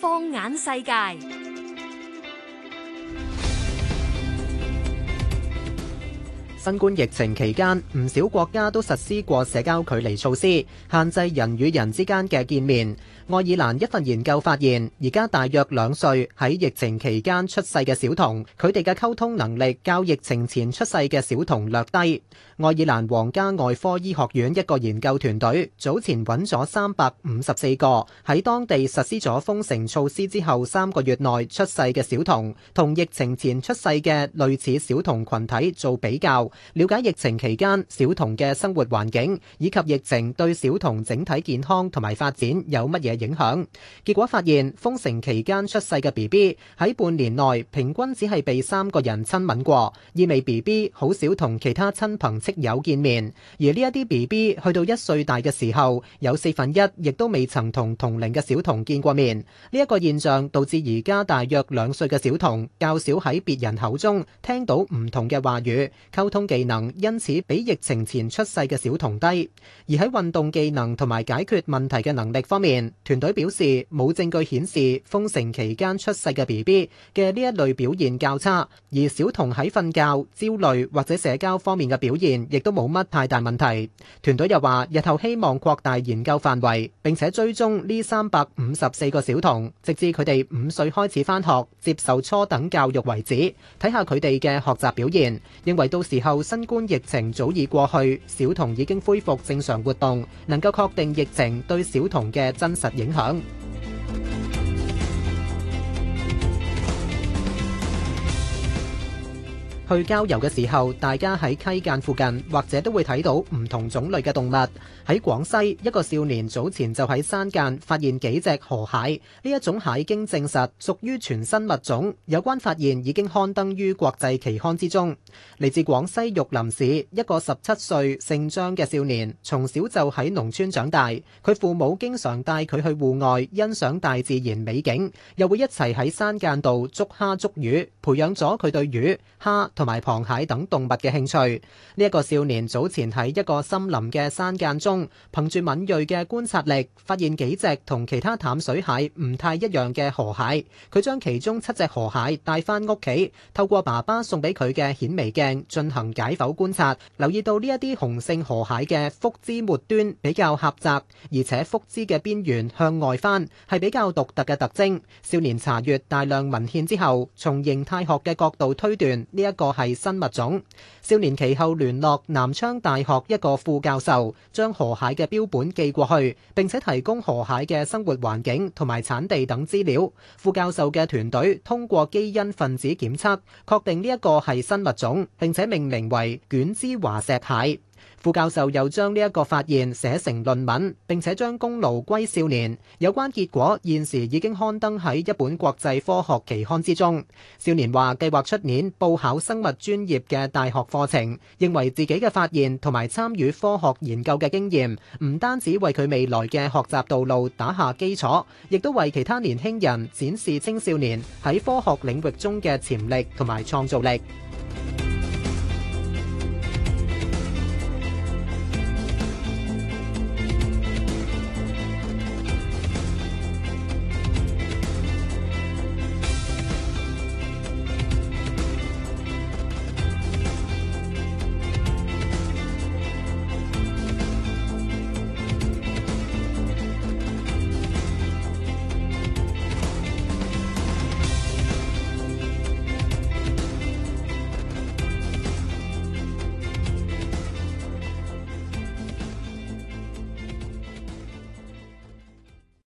放眼世界。新冠疫情期間，唔少國家都實施過社交距離措施，限制人與人之間嘅見面。愛爾蘭一份研究發現，而家大約兩歲喺疫情期間出世嘅小童，佢哋嘅溝通能力較疫情前出世嘅小童略低。愛爾蘭皇家外科醫學院一個研究團隊早前揾咗三百五十四個喺當地實施咗封城措施之後三個月內出世嘅小童，同疫情前出世嘅類似小童群體做比較。了解疫情期間小童嘅生活環境，以及疫情對小童整體健康同埋發展有乜嘢影響。結果發現封城期間出世嘅 B B 喺半年內平均只係被三個人親吻過，意味 B B 好少同其他親朋戚友見面。而呢一啲 B B 去到一歲大嘅時候，有四分一亦都未曾同同齡嘅小童見過面。呢一個現象導致而家大約兩歲嘅小童較少喺別人口中聽到唔同嘅話語溝通技能因此比疫情前出世嘅小童低，而喺運動技能同埋解決問題嘅能力方面，團隊表示冇證據顯示封城期間出世嘅 BB 嘅呢一類表現較差，而小童喺瞓覺、焦慮或者社交方面嘅表現亦都冇乜太大問題。團隊又話日後希望擴大研究範圍，並且追蹤呢三百五十四個小童，直至佢哋五歲開始返學接受初等教育為止，睇下佢哋嘅學習表現，認為到時候……後新冠疫情早已過去，小童已經恢復正常活動，能夠確定疫情對小童嘅真實影響。去郊遊嘅時候，大家喺溪澗附近或者都會睇到唔同種類嘅動物。喺廣西，一個少年早前就喺山澗發現幾隻河蟹，呢一種蟹已經證實屬於全新物種。有關發現已經刊登於國際期刊之中。嚟自廣西玉林市一個十七歲姓張嘅少年，從小就喺農村長大，佢父母經常帶佢去戶外欣賞大自然美景，又會一齊喺山澗度捉蝦捉魚，培養咗佢對魚蝦、蝦同埋螃蟹等動物嘅興趣，呢一個少年早前喺一個森林嘅山澗中，憑住敏銳嘅觀察力，發現幾隻同其他淡水蟹唔太一樣嘅河蟹。佢將其中七隻河蟹帶翻屋企，透過爸爸送俾佢嘅顯微鏡進行解剖觀察，留意到呢一啲雄性河蟹嘅腹肢末端比較狹窄，而且腹肢嘅邊緣向外翻，係比較獨特嘅特徵。少年查閱大量文獻之後，從形態學嘅角度推斷呢一個個係新物種。少年其後聯絡南昌大學一個副教授，將河蟹嘅標本寄過去，並且提供河蟹嘅生活環境同埋產地等資料。副教授嘅團隊通過基因分子檢測，確定呢一個係新物種，並且命名為卷枝華石蟹。副教授又將呢一個發現寫成論文，並且將功勞歸少年。有關結果現時已經刊登喺一本國際科學期刊之中。少年話計劃出年報考生物專業嘅大學課程，認為自己嘅發現同埋參與科學研究嘅經驗，唔單止為佢未來嘅學習道路打下基礎，亦都為其他年輕人展示青少年喺科學領域中嘅潛力同埋創造力。